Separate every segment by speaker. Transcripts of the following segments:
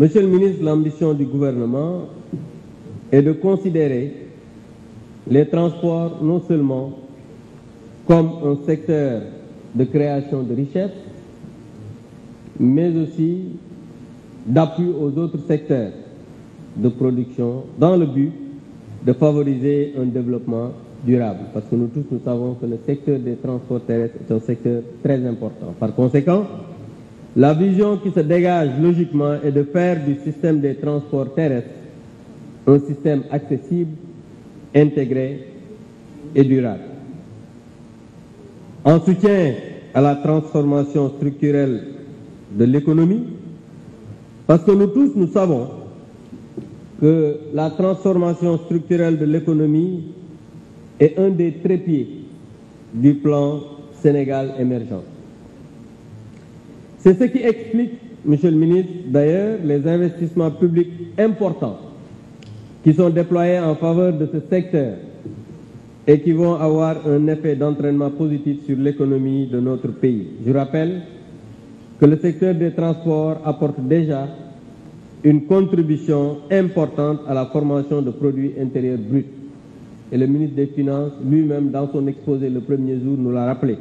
Speaker 1: Monsieur le ministre, l'ambition du gouvernement est de considérer les transports non seulement comme un secteur de création de richesses, mais aussi d'appui aux autres secteurs de production dans le but de favoriser un développement durable. Parce que nous tous, savons que le secteur des transports terrestres est un secteur très important. Par conséquent, La vision qui se dégage logiquement est de faire du système des transports terrestres un système accessible, intégré et durable. En soutien à la transformation structurelle de l'économie, parce que nous tous, nous savons que la transformation structurelle de l'économie est un des trépieds du plan Sénégal émergent. C'est ce qui explique, Monsieur le ministre, d'ailleurs, les investissements publics importants qui sont déployés en faveur de ce secteur et qui vont avoir un effet d'entraînement positif sur l'économie de notre pays. Je rappelle que le secteur des transports apporte déjà une contribution importante à la formation de produits intérieurs bruts. Et le ministre des Finances, lui-même, dans son exposé le premier jour, nous l'a rappelé.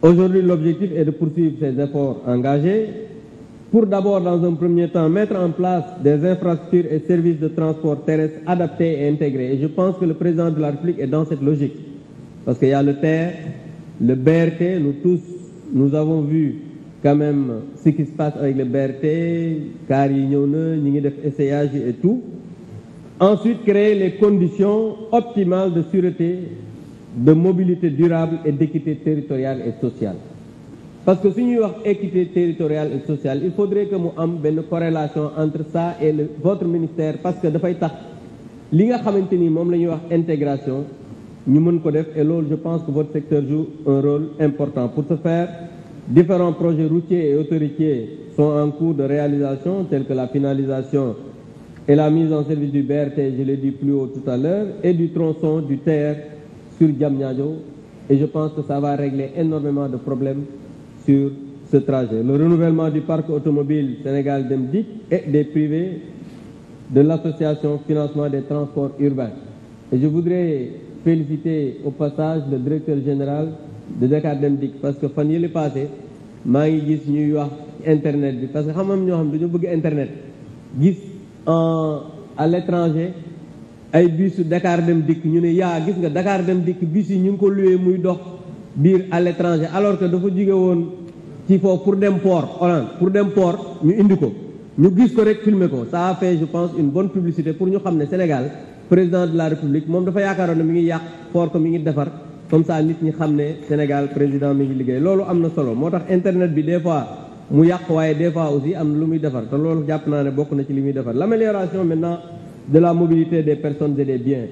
Speaker 1: Aujourd'hui, l'objectif est de poursuivre ces efforts engagés pour d'abord, dans un premier temps, mettre en place des infrastructures et services de transport terrestre adaptés et intégrés. Et je pense que le président de la République est dans cette logique. Parce qu'il y a le terre, le BRT, nous tous, nous avons vu quand même ce qui se passe avec le BRT, car il y en a, il y a des et tout. Ensuite, créer les conditions optimales de sûreté de mobilité durable et d'équité territoriale et sociale parce que su ñuy wax équité territoriale et sociale il faudrait que mu am benn corrélation entre ça et le votre ministère parce que dafay tax li nga xamante ni moom la ñuy wax intégration ñu mën ko def et loolu je pense que votre secteur joue un rôle important pour ce faire différents projets routiers et autoroutiers sont en cours de réalisation tels que la finalisation et la mise en service du BRT je l'ai dit plus sur Diamniadio et je pense que ça va régler énormément de problèmes sur ce trajet. Le renouvellement du parc automobile Sénégal Dem Dikk et des privés de l'association Financement des Transports Urbains. Et je voudrais féliciter au passage le directeur général de Dakar Dem Dikk parce que fan yële passé maa ngi gis ñuy wax internet bi parce que xam am ñoo xam dañu bëgg internet gis à l'étranger ay bisu Dakar dem dikk ñu ne yaa gis nga dakaar dem dikk bis yi ñu ngi ko loué muy dox biir à l'étranger alors que dafa jóge woon ci foofu pour dem port Hollande pour dem port ñu indi ko ñu gis ko rek filmer ko ça a fait je pense une bonne publicité pour ñu xam ne Sénégal président de la République moom dafa yaakaaroon ne mi ngi yàq port ko mi ngi defar comme ça nit ñi xam ne Sénégal président mi ngi liggéey loolu am na solo moo tax internet bi des fois mu yàq waaye des fois aussi am lu muy defar loolu jàpp naa ne bokk na ci li muy defar l'amélioration maintenant de la mobilité des personnes et des biens.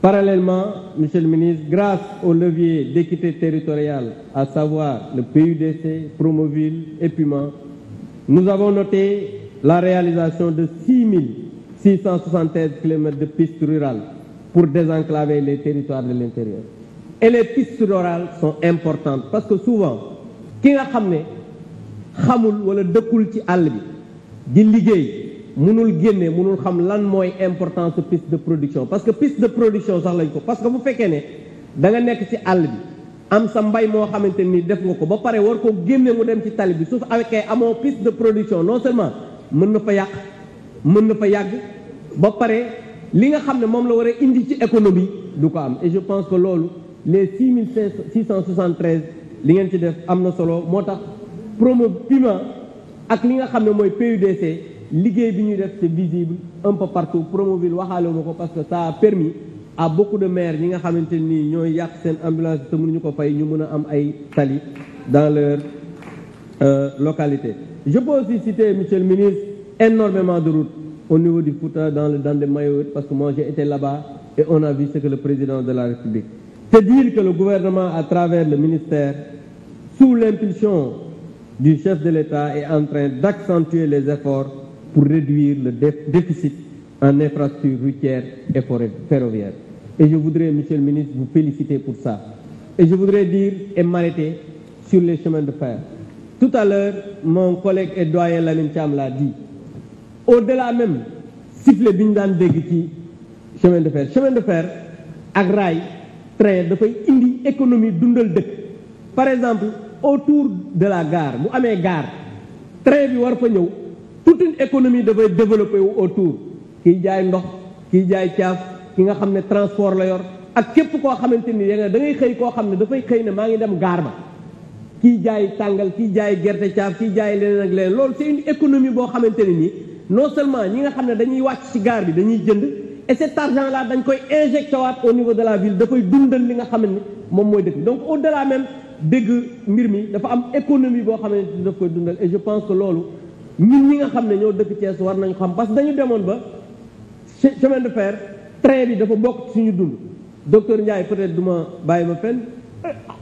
Speaker 1: Parallèlement, Monsieur le ministre, grâce au levier d'équité territoriale, à savoir le PUDC, Promoville et Puma, nous avons noté la réalisation de 6 673 km de pistes rurales pour désenclaver les territoires de l'intérieur. Et les pistes rurales sont importantes parce que souvent, ki nga xam ne xamul wala dëkkul ci àll bi di liggéey. mënul génne mënul xam lan mooy importance piste de production parce que piste de production sax lañ ko parce que bu fekkee ne da nga nekk ci àll bi am sa mbay moo xamante ni def nga ko ba pare war ko génne mu dem ci tali bi su fekkee amoo piste de production non seulement mën na fa yàq mën na fa yàgg ba pare li nga xam ne moom la war a indi ci économie du ko am et je pense que loolu les six mille six cent soixante treize li ngeen ci def am solo moo tax promo PUMA ak li nga xam ne mooy PUDC liggéey bi ñuy def c'est visible un peu partout Promoville waxaale ma ko parce que ça a permis à beaucoup de maires ñi nga xamante nii ñooy yàq seen ambulance te mënuñu ko fay ñu mën a am ay tali dans leur euh, localité je peux aussi citer monsieur le ministre énormément de routes au niveau du Fouta dans le dans le Mayo parce que moi j'ai été là-bas et on a vu ce que le président de la République c'est dire que le gouvernement à travers le ministère sous l'impulsion du chef de l'État est en train d'accentuer les efforts pour réduire le déficit en infrastructures routières et ferroviaires. Et je voudrais, Monsieur le ministre, vous féliciter pour ça. Et je voudrais dire et m'arrêter sur les chemins de fer. Tout à l'heure, mon collègue et doyen Lamine Thiam l'a di Au-delà même, sifflet bi ñu daan dégg ci chemin de fer chemin de fer ak raay train dafay indi économie dundal dëkk par exemple autour de la gare bu amee gare train bi war fa ñëw toute une économie dafay développer wu autour kiy jaay ndox kiy jaay caaf ki nga xam ne transport la yor ak képp koo xamante ni da ngay xëy koo xam ne dafay xëy ne maa ngi dem gaar ba kiy jaay tàngal kiy jaay gerte caaf kiy jaay leneen ak leneen loolu c'est économie boo xamante ne nii non seulement ñi nga xam ne dañuy wàcc ci gaar bi dañuy jënd et cet argent là dañ koy injecté waat au niveau de la ville dafay dundal li nga xam ne moom mooy dëkk donc au delà même dégg mbir mi dafa am économie boo xam daf koy dundal je pense que loolu ñun ñi nga xam ne ñoo dëkk Thiès war nañu xam parce que dañu demoon ba chemin de fer train bi dafa bokk suñu dund docteur Ndiaye peut-être du ma bàyyi ma fenn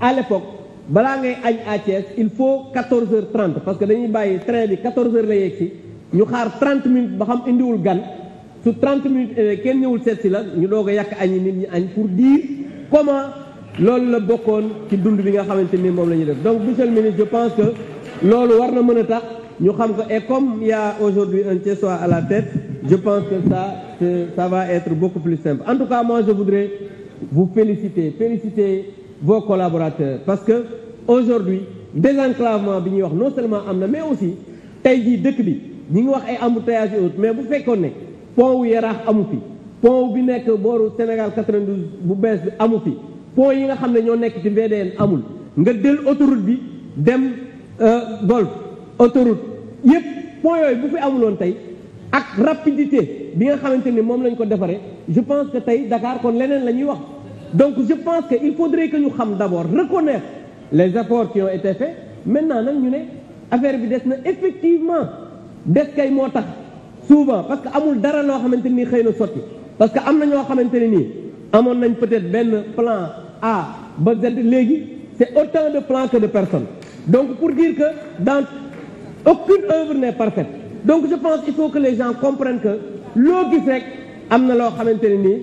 Speaker 1: à l'époque balaa ngay añ à Thiès il faut 14 heures 30 parce que dañuy bàyyi train bi 14 heures la yegg si ñu xaar 30 minutes ba xam indiwul gan su 30 minutes eh, kenn ñëwul seet si la ñu doog a yàq añi nit ñi añ pour dire comment loolu la bokkoon ci dund bi nga xamante ni moom la ñuy def donc monsieur pense que loolu war na mën a tax. ñu xam ko et comme il y a aujourd'hui un Thiessois à la tête je pense que ça ça va être beaucoup plus simple en tout cas moi je voudrais vous féliciter féliciter vos collaborateurs parce que aujourd'hui désenclavement bi ñuy wax non seulement am na mais aussi tey jii dëkk bi ñu ngi wax ay embouteillage et autres mais bu fekkoon ne pont wu yaraax amu fi pont bi nekk booru Sénégal 92 bu bees bi amu fi pont yi nga xam ne ñoo nekk ci VDN amul nga del autoroute bi dem euh, golf autoroute yëpp point yooyu bu fi amuloon tey ak rapidité bi nga xamante ni moom lañ ko defaree je pense que tey Dakar kon leneen la ñuy wax donc je pense que il faudrait que ñu xam d'abord reconnaître les efforts qui ont été faits maintenant nag ñu ne affaire bi des na effectivement des kay moo tax souvent parce que amul dara loo xamante nii xëy na sotti parce que am na ñoo xamante ne nii amoon nañ peut-être benn plan A ba Z léegi c'est autant de plans que de personnes aucune œuvre n'est parfaite donc je pense il faut que les gens comprennent que loo gis rek am na loo xamante ne nii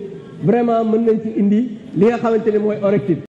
Speaker 1: vraiment mën nañ ci indi li nga xamante ne mooy objectif